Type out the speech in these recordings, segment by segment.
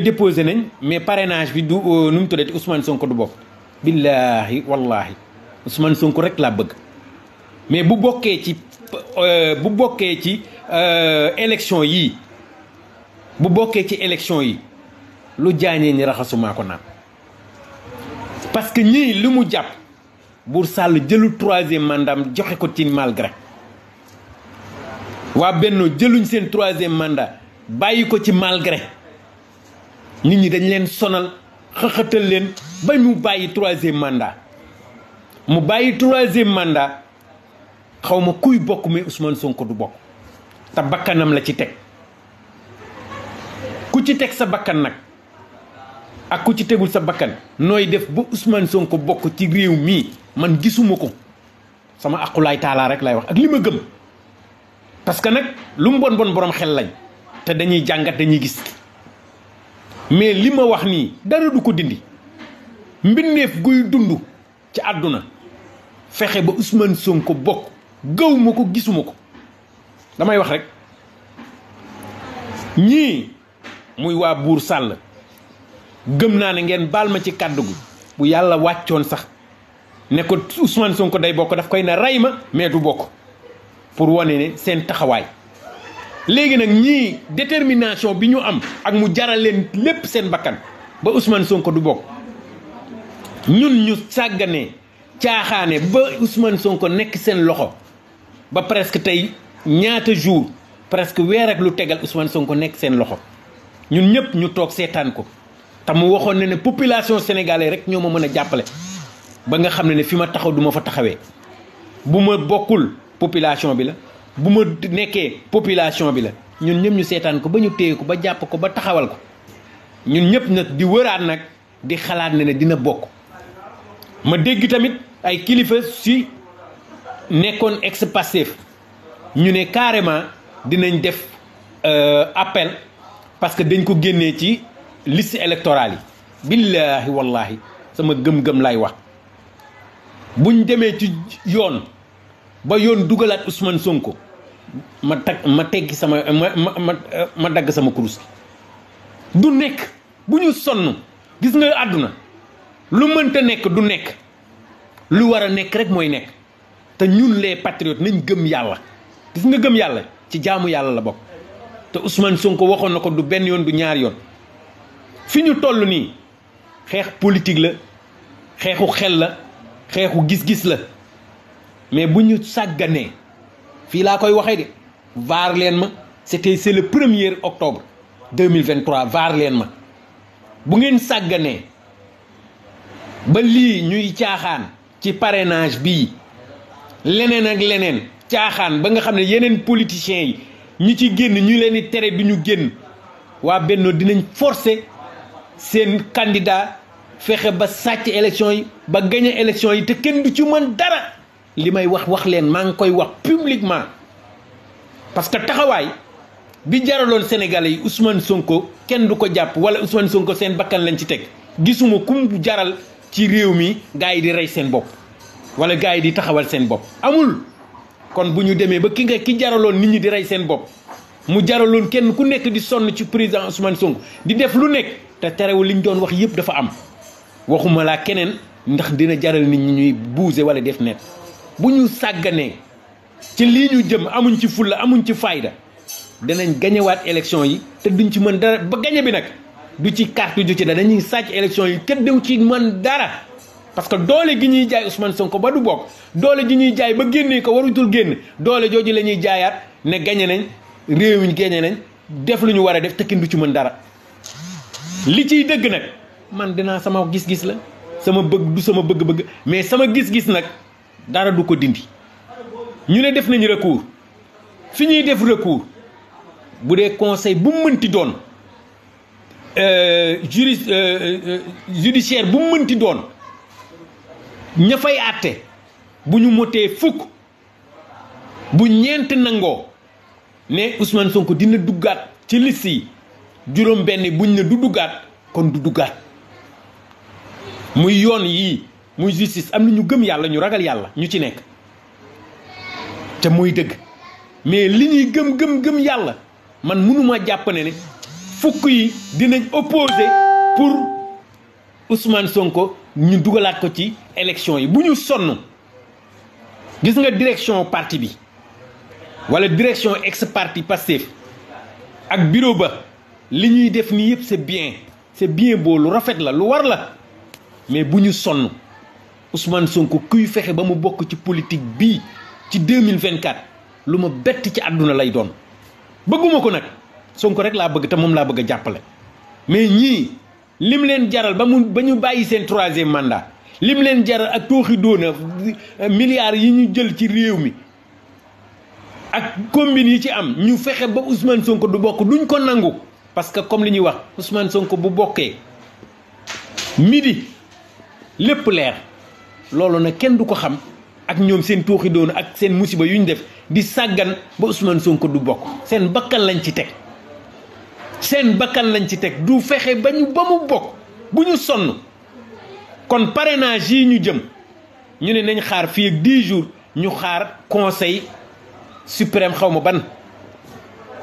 ne déposé nañ mais parrainage bi du euh, nu mu tuddati Ousmane Sonko du bokk. billaahi wallaahi Ousmane Sonko rek laa bëgg mais bu bokkee ci euh, bu bokkee ci euh, élection yii bu bokkee ci élection yi lu jaañee ñi raxasumaa ko naan parce que ñii li mu jàpp Buur Sall jëlul troisième mandat joxe ko ci malgré waa Benno jëluñ seen troisième mandat bàyyi ko ci malgré. nit ñi dañ leen sonal xëxëtal leen ba mu bàyyi troisième mandat mu bàyyi troisième mandat xawma kuy bokk mais Ousmane Sonko du bokk te bakkanam la ci teg ku ci teg sa bakkan nag ak ku ci tegul sa bakkan nooy def ba Ousmane Sonko bokk ci réew mii man gisuma ko sama aqulaay taalaa rek lay wax ak li ma gëm parce que nag lu mu bon bon borom xel lañ te dañuy jàngat dañuy gis mais li ma wax nii dara du ko dindi mbindeef guy dund ci àdduna fexe ba Ousmane Sonko bokk gëw ko gisuma ko damay wax rek ñii muy waa buur sàll gëm naa ne ngeen baal ma ci kàddu gi bu yàlla wàccoon sax ne ko Ousmane Sonko day bokk daf koy ne rey ma mais du bokk pour wane ne seen taxawaay léegi nag ñii détermination bi ñu am ak mu jaral leen lépp seen bakkan ba Ousmane Sonko du bokk ñun ñu sàggane caaxaane ba Ousmane Sonko nekk seen loxo ba presque tey ñaata jour presque weer ak lu tegal Ousmane Sonko nekk seen loxo ñun ñëpp ñu toog seetaan ko te mu waxoon ne ne population sénégalaise rek ñoo ma mën a jàppale ba nga xam ne ne fi ma taxaw duma fa taxawee bu ma bokkul population bi la. bu ma nekkee population bi la ñun ñëpp ñu seetaan ko ba ñu téye ko ba jàpp ko ba taxawal ko ñun ñëpp nag di wëraat nag di xalaat ne ne dina bokk ma dégg tamit ay kilifa si nekkoon ex Pastef ñu ne carrément dinañ def euh, appel parce que dañ ko génnee ci liste électorale yi billaahi wallahi sama gëm-gëm lay wax buñ demee ci yoon ba yoon dugalaat Ousmane Sonko ma tag ma teggi sama ma ma ma dagg sama kurus du nekk bu ñu sonn gis nga àdduna lu mënta nekk du nekk lu war a nekk rek mooy nekk te ñun les patriotes nañ gëm yàlla gis nga gëm yàlla ci jaamu yàlla la bokk te Ousmane Sonko waxoon na ko du benn yoon du ñaar yoon fi ñu toll nii xeex politique la xeexu xel la xeexu gis-gis la mais bu ñu sàgganee fii laa koy waxee de vaar leen ma c'était c'est le premier octobre 2023 vaar leen ma bu ngeen sàgganee ba lii ñuy caaxaan ci parrainage bi leneen ak leneen caaxaan ba nga xam ne yeneen politiciens yi ñi ci génn ñu leen di tere bi ñu génn waa Bennoo dinañ forcer seen candidat fexe ba sàcc élection yi ba gañe élection yi te kenn du ci mën dara li may wax wax leen maa ngi koy wax publiquement parce que taxawaay bi jaraloon Sénégalais yi Ousmane Sonko kenn du ko jàpp wala Ousmane Sonko seen bakkan lañ ci teg gisuma kum jaral ci réew mi gars yi di rey seen bopp wala gaa yi di taxawal seen bopp amul kon bu ñu demee ba ki nga ki jaraloon nit ñi di rey seen bopp mu jaraloon kenn ku nekk di sonn ci président Ousmane Sonko di def lu nekk te terewul liñ doon wax yëpp dafa am waxuma laa keneen ndax dina jaral nit ñi ñuy buuse wala def net bu ñu sàgganee ci lii ñu jëm amuñ ci fulla amuñ ci fayda danañ gañewaat élection yi te duñ ci mën dara ba gañe bi nag du ci carte ju ci da dañuy sàcc élection yi te duñ ci mën dara parce que doole gi ñuy jaay Ousmane Sonko ba du bokk doole gi ñuy jaay ba génnee ko warutul génn doole jooju la ñuy jaayaat ne gañe nañ réew mi gañe nañ def lu ñu war a def te kenn du ci mën dara li ciy dëgg nag man dinaa sama gis-gis la sama bëgg du sama bëgg-bëgg mais sama gis-gis nag dara du ko dindi ñu ne def nañu recours fi ñuy def recours bu dee conseil bu mu mënti doon euh, juri euh, euh, judiciaire bu mu mënti doon ña fay àtte bu ñu motee fukk bu ñeent nangoo ne Ousmane Sonko dina duggaat ci liste yi juróom benn buñ ne du duggaat kon du duggaat muy yoon yii muy justice am na ñu gëm yàlla ñu ragal yàlla ñu ci nekk te mooy dëgg mais li ñuy gëm gëm gëm yàlla man mënuma jàpp ne fukk yi dinañ opposé pour Ousmane Sonko ñu dugalaat ko ci élection yi bu ñu sonn gis nga direction parti bi wala direction ex parti Pastef ak bureau ba li ñuy def nii yëpp c'est bien c'est bien boo lu rafet la lu war la mais bu ñu sonn Ousmane Sonko kuy fexe ba mu bokk ci politique bii ci 2024 lu ma bett ci àdduna lay doon bëgguma ko nag Sonko rek laa bëgg te moom laa bëgg a jàppale mais ñii lim leen jaral ba mu ba ñu bàyyi seen troisième mandat lim leen jaral ak tooxi doona euh, milliards yi ñu jël ci réew mi ak combine yi ci am ñu fexe ba Ousmane Sonko du bokk duñ ko nangu parce que comme li ñuy wax Ousmane Sonko bu bokkee midi lépp leer loolu nag kenn du ko xam ak ñoom seen tooxi doon ak seen musiba yu ñu def di sàggan ba Ousmane Sonko du bokk seen bakkan lañ ci teg seen bakkan lañ ci teg du fexe ba ñu ba mu bokk bu ñu sonn kon parrainage yi ñu jëm ñu ne nañ xaar fii ak 10 jours ñu xaar conseil suprême xaw ma ban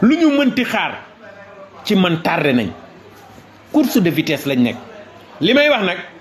lu ñu mënti xaar ci man tardé nañ course de vitesse lañ nekk li may wax nag.